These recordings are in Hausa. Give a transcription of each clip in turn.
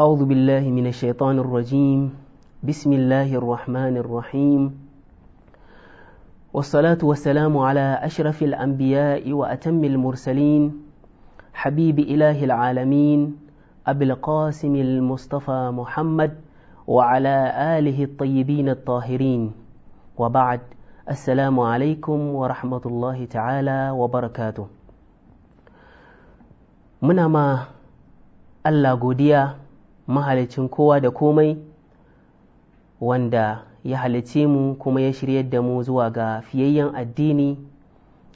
أعوذ بالله من الشيطان الرجيم بسم الله الرحمن الرحيم والصلاة والسلام على أشرف الأنبياء وأتم المرسلين حبيب إله العالمين أبي القاسم المصطفى محمد وعلى آله الطيبين الطاهرين وبعد السلام عليكم ورحمة الله تعالى وبركاته منما الله Allah mahalicin kowa da komai wanda ya halice mu kuma ya shiryar da mu zuwa ga fiyayyen addini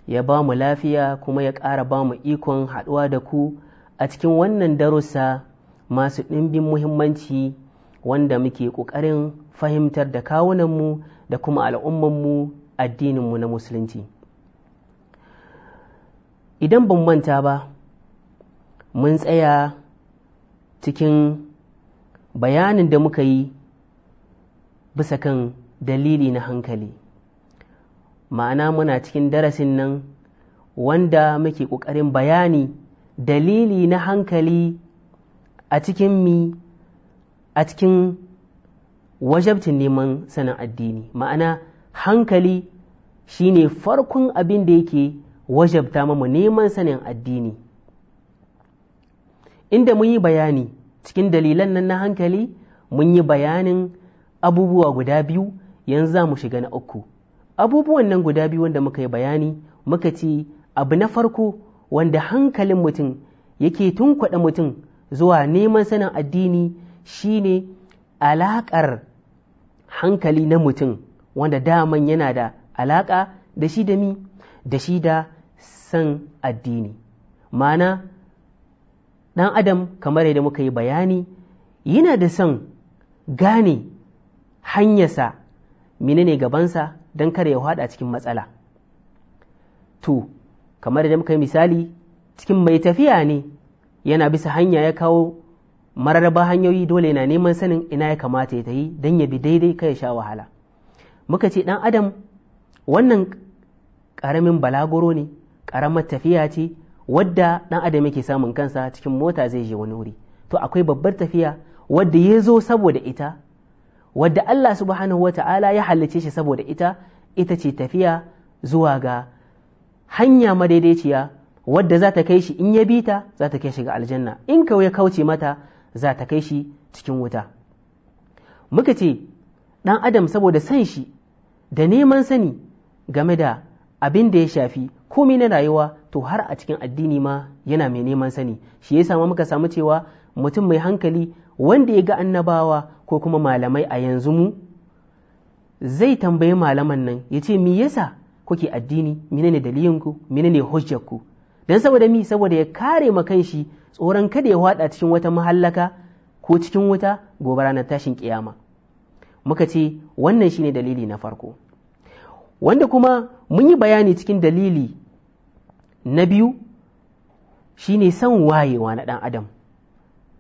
ya ba mu lafiya kuma ya ƙara ba mu ikon haɗuwa da ku a cikin wannan darussa masu ɗimbin muhimmanci wanda muke ƙoƙarin fahimtar da kawunanmu da kuma al'ummanmu addininmu na musulunci idan ban manta ba mun tsaya cikin bayanin da muka yi bisa kan dalili na hankali ma'ana muna cikin darasin nan wanda muke ƙoƙarin bayani dalili na hankali a cikin mi a cikin wajabcin neman sanin addini ma'ana hankali shine farkon abin da yake wajabta mamu neman sanin addini inda mun yi bayani cikin dalilan nan na hankali mun yi bayanin abubuwa guda biyu yanzu za mu shiga na uku abubuwan nan guda biyu wanda muka yi bayani muka ce abu na farko wanda hankalin mutum yake tunkuɗa mutum zuwa neman sanin addini shine alaƙar hankali na mutum wanda daman yana da alaƙa da shi da mi da shi da san addini Ma'ana. ɗan adam kamar yadda muka yi bayani yana da son gane hanyarsa ne gabansa don kada ya haɗa cikin matsala to kamar yadda muka yi misali cikin mai tafiya ne yana bisa hanya ya kawo mararraba hanyoyi dole na neman sanin ina ya kamata ya tafi don ya bi daidai ka ya sha wahala muka ce ɗan adam wannan ƙaramin balagoro ne ƙaramar tafiya ce wadda ɗan adam yake samun kansa cikin mota zai je wani wuri to akwai babbar tafiya wadda ya zo saboda ita wadda Allah subhanahu wa ta'ala ya halicce shi saboda ita ita ce tafiya zuwa ga hanya madaidaiciya wadda za ta kai shi in ya bi ta za ta kai shi ga aljanna in kawo ya kauce mata za ta kai shi cikin wuta muka ce ɗan adam saboda san shi da neman sani game da abin da ya shafi komai na rayuwa to har a cikin addini ma yana mai neman sani shi ya samu muka samu cewa mutum mai hankali wanda ya ga annabawa ko kuma malamai a yanzu mu zai tambayi malaman nan ya ce mi yasa kuke addini ne dalilinku ne hujjarku dan saboda mi saboda ya kare ma kanshi tsoron kada ya wada cikin wata mahallaka ko cikin wuta gobe ranar tashin kiyama muka ce wannan shine dalili na farko wanda kuma mun yi bayani cikin dalili na biyu shi ne son wayewa na ɗan adam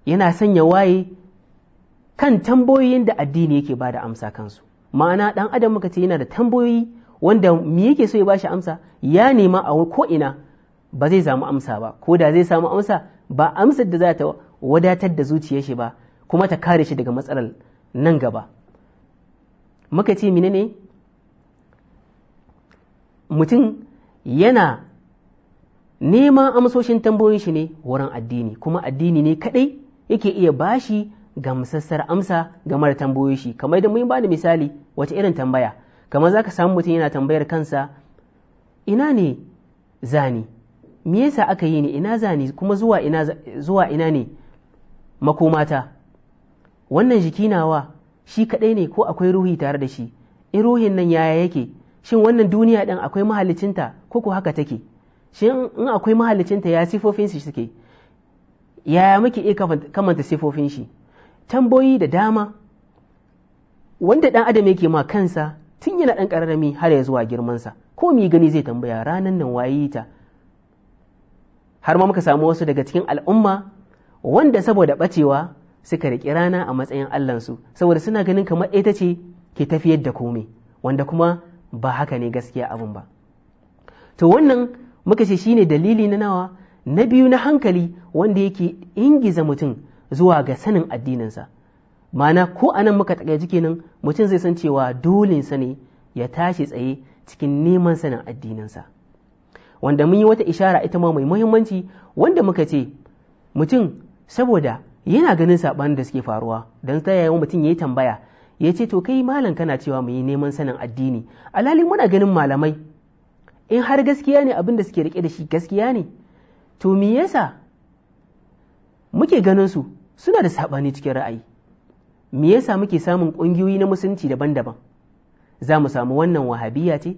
yana sanya waye kan tambayoyin da addini yake ba da amsa kansu ma'ana ɗan adam muka ce yana da tambayoyi wanda me yake so ya ba shi amsa ya nema a ko ina ba zai samu amsa ba ko da zai samu amsa ba amsar da za ta wadatar da zuciyar shi ba kuma ta kare shi daga matsalar nan gaba muka ce menene mutum yana nema amsoshin tambayoyin shi ne wurin addini kuma addini ne kadai yake iya bashi gamsassar amsa ga mara tambayoyin shi kamar da mun bani misali wata irin tambaya kamar zaka samu mutum yana tambayar kansa ina ne zani me yasa aka yi ni ina zani kuma zuwa ina zuwa ina ne makomata wannan jiki nawa shi kadai ne ko akwai ruhi tare da shi in ruhin nan yaya yake shin wannan duniya din akwai mahalicinta ko ko haka take shi in akwai mahalicinta ya sifofin shi suke yaya muke iya kamanta sifofin shi tamboyi da dama wanda ɗan adam yake ma kansa tun yana ɗan kararrami har ya zuwa girmansa ko mi gani zai tambaya ranan nan waye ta har ma muka samu wasu daga cikin al'umma wanda saboda bacewa suka riƙi rana a matsayin allansu saboda suna ganin kamar ita ce ke tafiyar da komai wanda kuma ba haka ne gaskiya abin ba to wannan muka ce shine dalili na nawa na biyu na hankali wanda yake ingiza mutum zuwa ga sanin addininsa mana ko a nan muka takaici kenan mutum zai san cewa sa ne ya tashi tsaye cikin neman sanin addininsa wanda mun yi wata ishara ita ma mai muhimmanci wanda muka ce mutum saboda yana ganin saban da suke faruwa don ta yayin mutum ya yi tambaya ya ce to kai malam kana cewa mu yi neman sanin addini alhali muna ganin malamai in har gaskiya ne abin da suke rike da shi gaskiya ne to me yasa muke ganin su suna da saɓani cikin ra'ayi me yasa muke samun ƙungiyoyi na musulunci daban-daban za mu samu wannan wahabiyya ce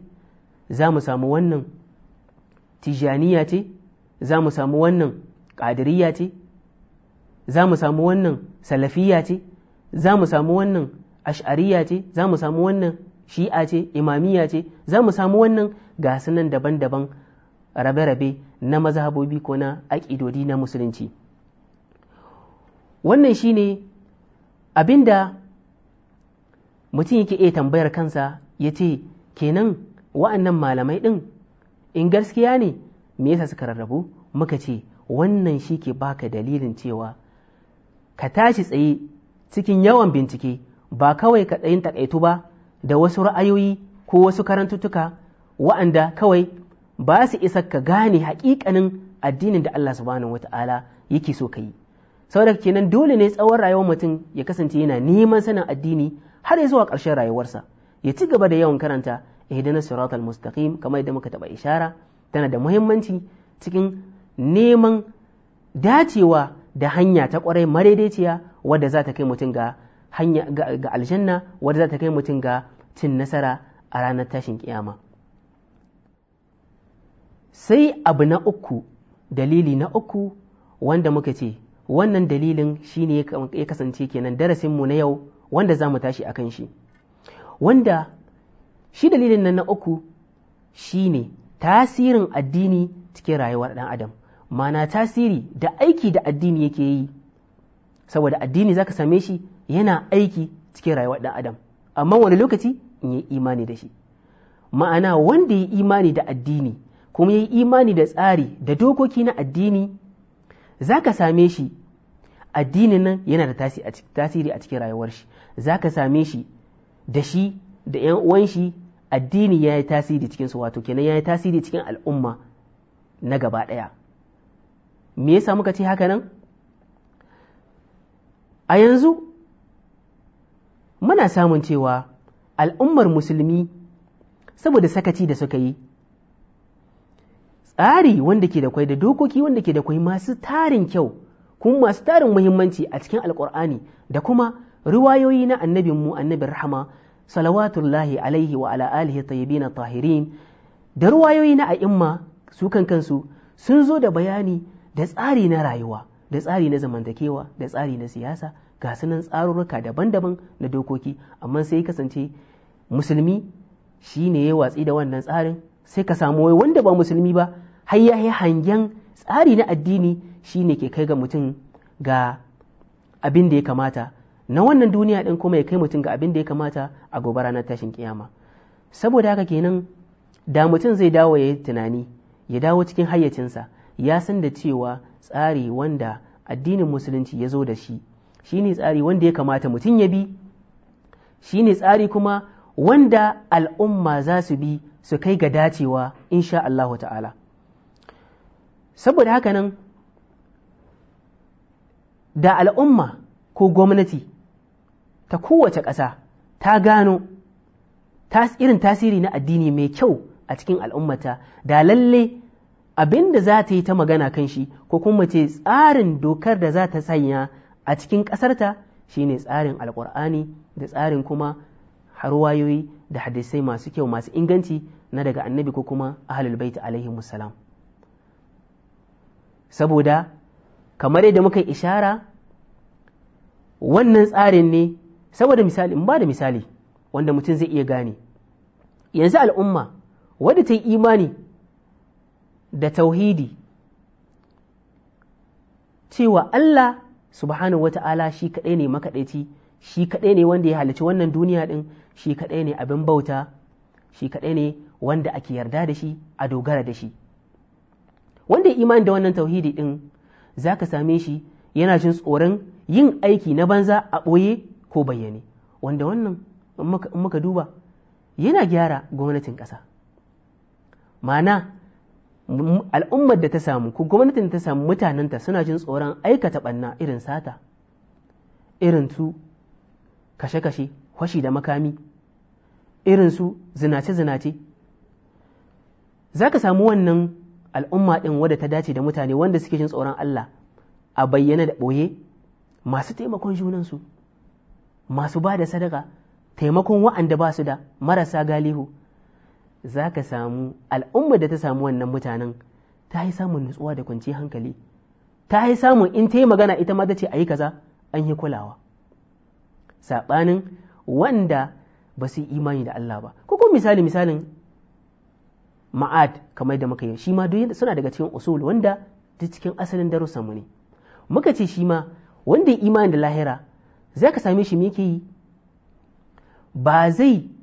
za mu samu wannan tijaniya ce za mu samu wannan ƙadiriya ce za mu samu wannan salafiyya ce za mu samu wannan ash'ariyya ce za mu samu wannan shi'a ce Imamiya ce za mu samu wannan gasunan daban-daban rabe-rabe na mazhabobi ko na aƙidodi na musulunci wannan shi shine abinda mutum yake iya tambayar kansa ya ce kenan wa'annan malamai ɗin in gaskiya ne me yasa suka rarrabu muka ce wannan shi ke baka dalilin cewa ka tashi tsaye cikin yawan bincike ba kawai ka tsayin takaitu ba da wasu ra'ayoyi ko wasu karantuttuka wa'anda kawai ba su isa ka gane hakikanin addinin da Allah subhanahu wata'ala yake so ka yi saboda kenan dole ne tsawon rayuwar mutum ya kasance yana neman sanin addini har ya zuwa ƙarshen rayuwarsa ya ci gaba da yawan karanta ihdinas siratal mustaqim kamar yadda muka taba ishara tana da muhimmanci cikin neman dacewa da hanya ta kwarai madaidaiciya wadda za ta kai mutum ga hanya ga aljanna wadda za ta kai mutum ga cin nasara a ranar tashin kiyama sai abu na uku dalili na uku wanda muka ce wannan dalilin shine ya kasance kenan darasinmu na yau wanda za mu tashi a kan shi wanda shi dalilin nan na uku shi ne tasirin addini cikin rayuwar ɗan adam mana tasiri da aiki da addini yake yi saboda addini za ka same shi yana aiki cikin rayuwar ɗan adam amma wani lokaci in yi imani da shi ma'ana wanda ya yi imani da addini kuma ya yi imani da tsari da dokoki na addini za ka same shi addinin nan yana da tasiri a cikin rayuwar shi za ka same shi da shi da 'yan uwan shi addini ya yi tasiri cikin su wato kenan ya yi tasiri cikin al'umma na gaba ɗaya me yasa muka ce haka nan a yanzu muna samun cewa al'ummar musulmi saboda sakaci da suka yi tsari wanda ke da kwai da dokoki wanda ke da kwai masu tarin kyau kuma masu tarin muhimmanci a cikin alkur'ani da kuma riwayoyi na annabin mu annabin rahama salawatullahi alaihi wa ala alihi tayyibin tahirin da riwayoyi na a'imma su kan kansu sun zo da bayani da tsari na rayuwa da tsari na zamantakewa da tsari na siyasa ga sunan tsarurruka daban-daban na dokoki amma sai kasance musulmi shi ne ya watsi da wannan tsarin sai ka samu wai wanda ba musulmi ba har ya hangen tsari na addini shi ne ke kai ga mutum ga abin da ya kamata na wannan duniya din kuma ya kai mutum ga abin da ya kamata a gobe ranar tashin kiyama saboda haka kenan da mutum zai dawo ya yi tunani ya dawo cikin hayyacinsa ya san da cewa tsari wanda addinin musulunci ya zo da shi shi ne tsari wanda ya kamata mutum ya bi shi ne tsari kuma wanda al'umma za su bi su kai ga dacewa insha Allah ta'ala saboda haka nan da al'umma ko gwamnati ta kowace ƙasa ta gano irin tasiri na addini mai kyau a cikin al'ummata da lalle abin da za ta yi ta magana kan shi ko kuma ce tsarin dokar da za ta sanya a cikin ƙasarta shine tsarin alƙur'ani da tsarin kuma harwayoyi da hadisai masu kyau masu inganci na daga annabi ko kuma ahlul baiti alaihi musalam saboda kamar yadda muka ishara wannan tsarin ne saboda misali in ba da misali wanda mutum zai iya gane yanzu al'umma wadda ta yi imani da tauhidi cewa Allah subhanahu wata'ala shi kaɗai ne makaɗaici shi kaɗai ne wanda ya halarci wannan duniya ɗin shi kaɗai ne abin bauta shi kaɗai ne wanda ake yarda da shi a dogara da shi wanda ya imani da wannan tauhidi ɗin za ka same shi yana jin tsoron yin aiki na banza a ɓoye ko bayyane wanda wannan in muka duba yana gyara gwamnatin ƙasa ma'ana al'ummar da ta samu ko gwamnatin da ta samu mutanenta suna jin tsoron aikata ɓanna irin sata irin su kashe-kashe fashi da makami irin su zinace-zinace za ka samu wannan al'umma ɗin wadda ta dace da mutane wanda suke jin tsoron Allah a bayyana da ɓoye masu taimakon junansu masu ba da sadaka taimakon wa'anda ba su da marasa galihu za ka samu al'ummar da ta samu wannan mutanen ta yi samun nutsuwa da kwanci hankali ta yi samun in ta yi magana ita ma ta ce a yi kaza an yi kulawa saɓanin wanda ba su yi imani da Allah ba ko misali misalin ma'ad kamar da muka yi shi ma suna daga cikin usul wanda duk cikin asalin darussan mu ne muka ce shi ma wanda ya imani da lahira zaka ka same shi me yake yi ba zai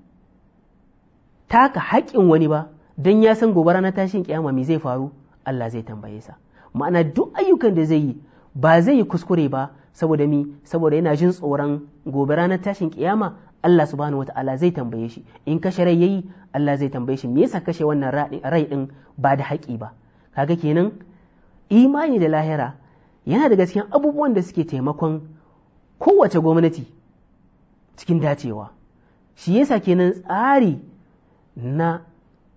taka haƙƙin wani ba don ya san gobe ranar tashin kiyama me zai faru Allah zai tambaye sa ma'ana duk ayyukan da zai yi ba zai yi kuskure ba saboda mi saboda yana jin tsoron gobe ranar tashin kiyama Allah subhanahu wata'ala zai tambaye shi in kashe rai yayi Allah zai tambaye shi me yasa kashe wannan rai din ba da haƙƙi ba kaga kenan imani da lahira yana daga cikin abubuwan da suke taimakon kowace gwamnati cikin dacewa shi yasa kenan tsari na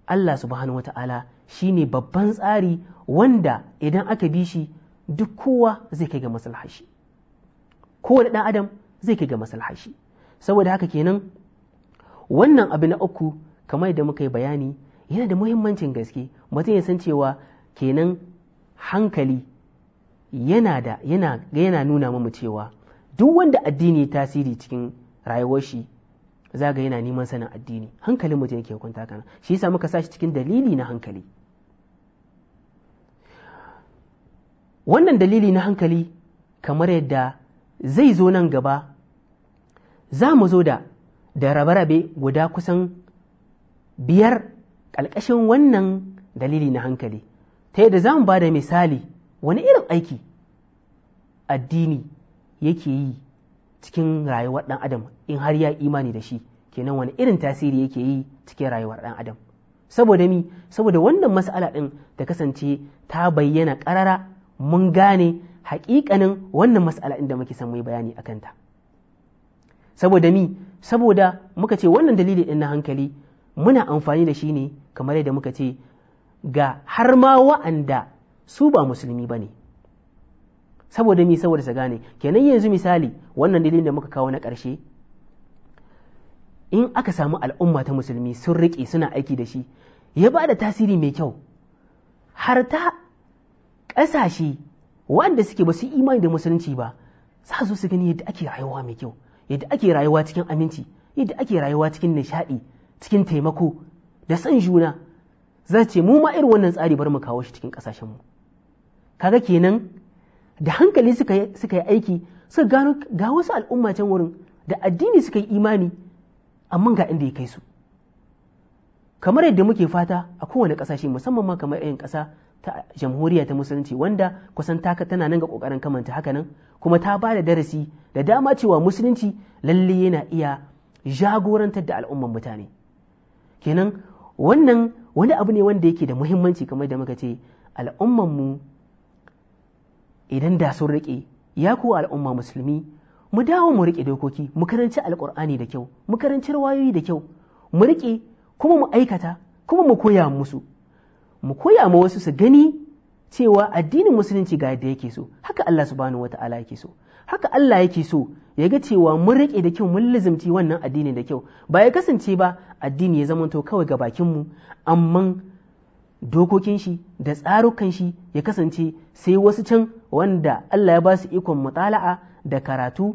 Allah subhanahu wata'ala ne babban tsari wanda idan aka bi shi duk kowa zai kai ga maslahar kowane ɗan adam zai kai ga masalhashi saboda haka kenan wannan abu na uku kamar da muka yi bayani yana da muhimmancin gaske mutum ya san cewa kenan hankali yana da yana nuna mamu cewa duk wanda addini tasiri cikin rayuwar shi za ga yana neman sanin addini hankalin mutum yake hukunta kana shi yasa muka sa cikin dalili na hankali wannan dalili na hankali kamar yadda zai zo nan gaba za mu zo da da rabe-rabe guda kusan biyar ƙalƙashin wannan dalili na hankali ta yadda za mu ba da misali wani irin aiki addini yake yi cikin rayuwar ɗan adam in har ya imani da shi kenan wani irin tasiri yake yi cikin rayuwar ɗan adam saboda mi saboda wannan mas'ala ɗin ta kasance ta bayyana ƙarara mun gane haƙiƙanin wannan mas'ala ɗin da muke son mu bayani a kanta saboda mi saboda muka ce wannan dalili ɗin na hankali muna amfani da shi ne kamar yadda muka ce ga har ma wa'anda su ba musulmi ba ne saboda mi saboda sa gane kenan yanzu misali wannan dalilin da muka kawo na ƙarshe in aka samu al'umma ta musulmi sun riƙe suna aiki da shi ya ba da tasiri mai kyau har ta ƙasashe wanda suke ba su imani da musulunci ba sa su su gani yadda ake rayuwa mai kyau yadda ake rayuwa cikin aminci yadda ake rayuwa cikin nishaɗi cikin taimako da son juna za ce mu ma irin wannan tsari bar mu kawo shi cikin ƙasashenmu kaga kenan da hankali suka yi aiki suka gano ga wasu al'umma can wurin da addini suka yi imani amma ga inda ya kai su kamar yadda muke fata a kowane ƙasashe musamman ma kamar 'yan ƙasa ta jamhuriya ta musulunci wanda kusan taka tana nan ga ƙoƙarin kamanta haka nan kuma ta ba da darasi da dama cewa musulunci lalle yana iya jagorantar da al'umman mutane kenan wannan wani abu ne wanda yake da muhimmanci kamar da muka ce al'ummanmu idan da sun riƙe ya kuwa al'umma musulmi mu dawo mu riƙe dokoki mu karanci alƙur'ani da kyau mu karanci wayoyi da kyau mu riƙe kuma mu aikata kuma mu koya musu mu koya ma wasu su gani cewa addinin musulunci ga yadda yake so haka Allah subhanahu wata'ala yake so haka Allah yake so ya ga cewa mun riƙe da kyau mun lizimci wannan addini da kyau ba ya kasance ba addini ya zamanto kawai ga bakin mu amma dokokin shi da tsarukan shi ya kasance sai wasu can wanda Allah ya ba su ikon mutala'a da karatu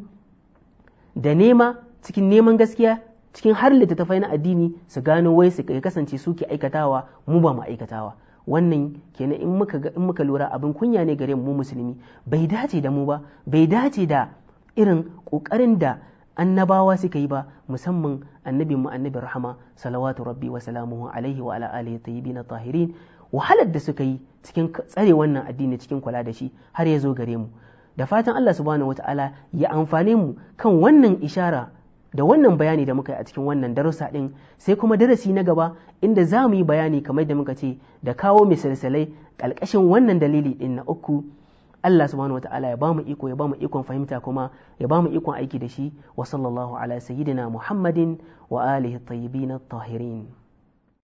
da nema cikin neman gaskiya cikin har littattafai na addini su gano wai su ya kasance suke aikatawa mu ba mu aikatawa wannan kenan in muka in muka lura abin kunya ne gare mu musulmi bai dace da mu ba bai dace da irin kokarin da annabawa suka yi ba musamman annabi mu annabi rahama salawatu rabbi wa salamuhu alaihi wa ala alihi tayyibin tahirin wahalar da suka yi cikin tsare wannan addini cikin kula da shi har ya zo gare mu da fatan Allah subhanahu wataala ya amfane mu kan wannan ishara da wannan bayani da muka yi a cikin wannan darussa din sai kuma darasi na gaba inda za mu yi bayani kamar da muka ce da kawo misalsalai ƙalƙashin wannan dalili din na uku Allah subhanahu wataala ya bamu iko ya bamu ikon fahimta kuma ya bamu ikon aiki da shi wa sallallahu ala sayyidina Muhammadin wa alihi tayyibin tahirin